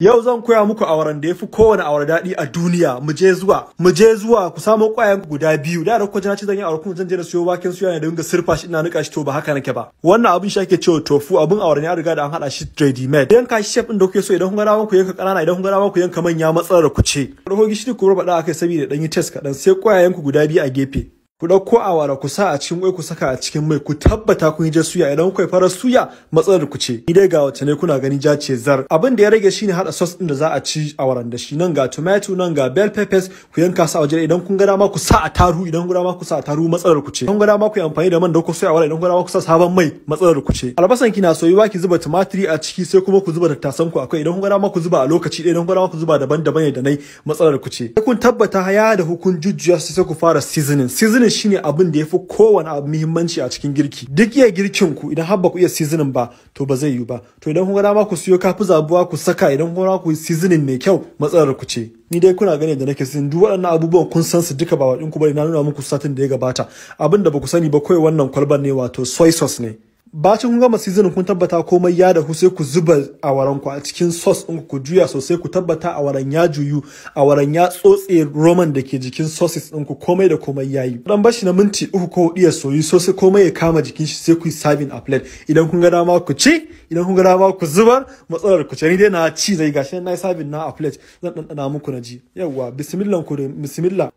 Yau zan koya muku auren da yafi kowane aure daɗi a duniya. Mu je zuwa, mu je zuwa ku samu ƙwayan guda biyu. Da da kuka ji zan yi aure kuma zan je na siyo waken suya ne da dinga sirfa shi ina nika shi to ba haka nake ba. Wannan abin shi ake cewa tofu, abin aure ne an riga da an hada shi ready made. Idan ka shape din da kuke so idan kun ga dama ku yanka ƙanana idan kun ga dama ku yanka manya matsalar ku ce. Rogo gishiri ku rubada akai saboda dan yi test kadan sai ƙwayayen ku guda biyu a gefe. ku ɗauko awara ku sa a cikin kwai ku saka a cikin mai ku tabbata kun yi ja suya idan kuka fara suya matsalar ku ce ni dai ga wace ne kuna gani ja ce zar abin da ya rage shine hada sauce din da za a ci awaran da shi nan ga tomato nan ga bell peppers ku yanka su a waje idan kun ga dama ku sa a taru idan kun ga dama ku sa a taru matsalar ku ce kun ga dama ku yi amfani da man da ku soya awara idan kun ga dama ku sa sabon mai matsalar ku ce albasan kina soyuwa ki zuba tumatiri a ciki sai kuma ku zuba tattasan ku akwai idan kun ga dama ku zuba a lokaci ɗaya idan kun ga dama ku zuba daban-daban yadda nai matsalar ku ce kun tabbata ya da hukun jujjuya sai ku fara seasoning seasoning shi shine abin da yafi kowane abu muhimmanci a cikin girki duk iya girkin ku idan har ba ku iya seasoning ba to ba zai yi ba to idan kun ga dama ku siyo kafi zabuwa ku saka idan kun ga ku seasoning mai kyau matsalar ku ce ni dai kuna gane da nake sun duk waɗannan abubuwan kun san su duka ba waɗin ku bari na nuna muku satin da ya gabata abin da ba ku sani ba kawai wannan kwalban ne wato soy sauce ne bacin kun gama season kun tabbata komai ya dahu sai ku zuba awaran ku a cikin sauce ɗin ku juya sosai ku tabbata awaran ya juyu awaran ya tsotse roman da ke jikin sauces ɗin ku komai da komai yayi dan bashi na minti uku ko hudu ya soyu sosai komai ya kama jikin shi sai ku serving a plate idan kun ga dama ku ci idan kun ga dama ku zubar matsalar ku ce ni dai na ci zai gashi na yi serving na a plate zan ɗanɗana muku na ji yawwa bismillah ku da bismillah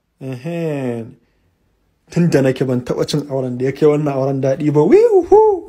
tun da nake ban taɓa cin auren da ya kai wannan auren daɗi ba Wiwu!